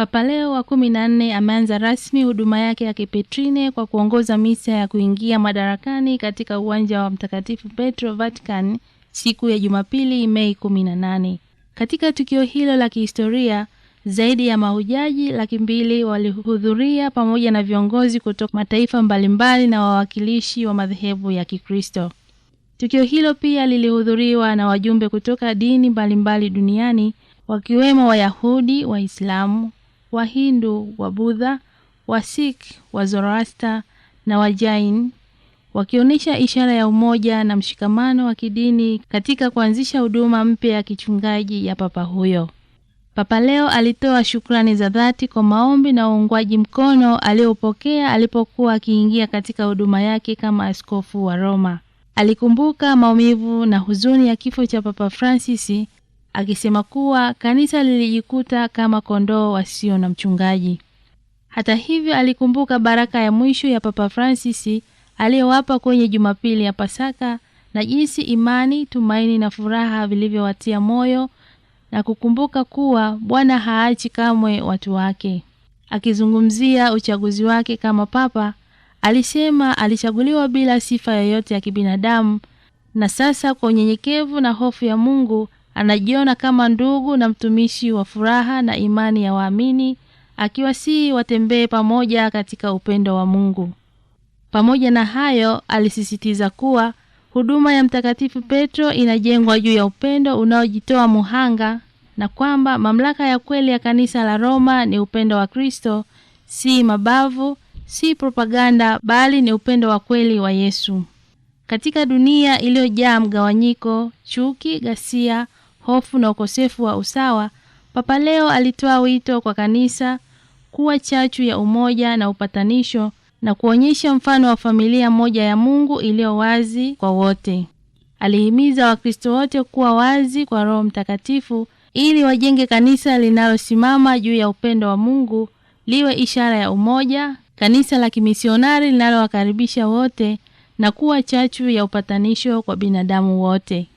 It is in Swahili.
Papa Leo wa kumi na nne ameanza rasmi huduma yake ya kipetrine kwa kuongoza misa ya kuingia madarakani katika uwanja wa Mtakatifu Petro Vatican siku ya Jumapili Mei kumi na nane. Katika tukio hilo la kihistoria zaidi ya mahujaji laki mbili walihudhuria pamoja na viongozi kutoka mataifa mbalimbali na wawakilishi wa madhehebu ya Kikristo. Tukio hilo pia lilihudhuriwa na wajumbe kutoka dini mbalimbali duniani wakiwemo Wayahudi, Waislamu, Wahindu, Wabudha, Wasik, Wazoroasta na Wajain wakionyesha ishara ya umoja na mshikamano wa kidini katika kuanzisha huduma mpya ya kichungaji ya papa huyo. Papa leo alitoa shukrani za dhati kwa maombi na uungwaji mkono aliopokea alipokuwa akiingia katika huduma yake kama askofu wa Roma. Alikumbuka maumivu na huzuni ya kifo cha Papa Francis akisema kuwa kanisa lilijikuta kama kondoo wasio na mchungaji. Hata hivyo, alikumbuka baraka ya mwisho ya Papa Francis aliyowapa kwenye Jumapili ya Pasaka na jinsi imani, tumaini na furaha vilivyowatia moyo na kukumbuka kuwa Bwana haachi kamwe watu wake. Akizungumzia uchaguzi wake kama papa, alisema alichaguliwa bila sifa yoyote ya kibinadamu, na sasa kwa unyenyekevu na hofu ya Mungu Anajiona kama ndugu na mtumishi wa furaha na imani ya waamini, akiwasihi watembee pamoja katika upendo wa Mungu. Pamoja na hayo, alisisitiza kuwa huduma ya Mtakatifu Petro inajengwa juu ya upendo unaojitoa muhanga na kwamba mamlaka ya kweli ya kanisa la Roma ni upendo wa Kristo, si mabavu, si propaganda, bali ni upendo wa kweli wa Yesu. Katika dunia iliyojaa mgawanyiko, chuki, ghasia, hofu na ukosefu wa usawa, Papa Leo alitoa wito kwa kanisa kuwa chachu ya umoja na upatanisho na kuonyesha mfano wa familia moja ya Mungu iliyo wazi kwa wote. Alihimiza Wakristo wote kuwa wazi kwa Roho Mtakatifu ili wajenge kanisa linalosimama juu ya upendo wa Mungu, liwe ishara ya umoja, kanisa la kimisionari linalowakaribisha wote na kuwa chachu ya upatanisho kwa binadamu wote.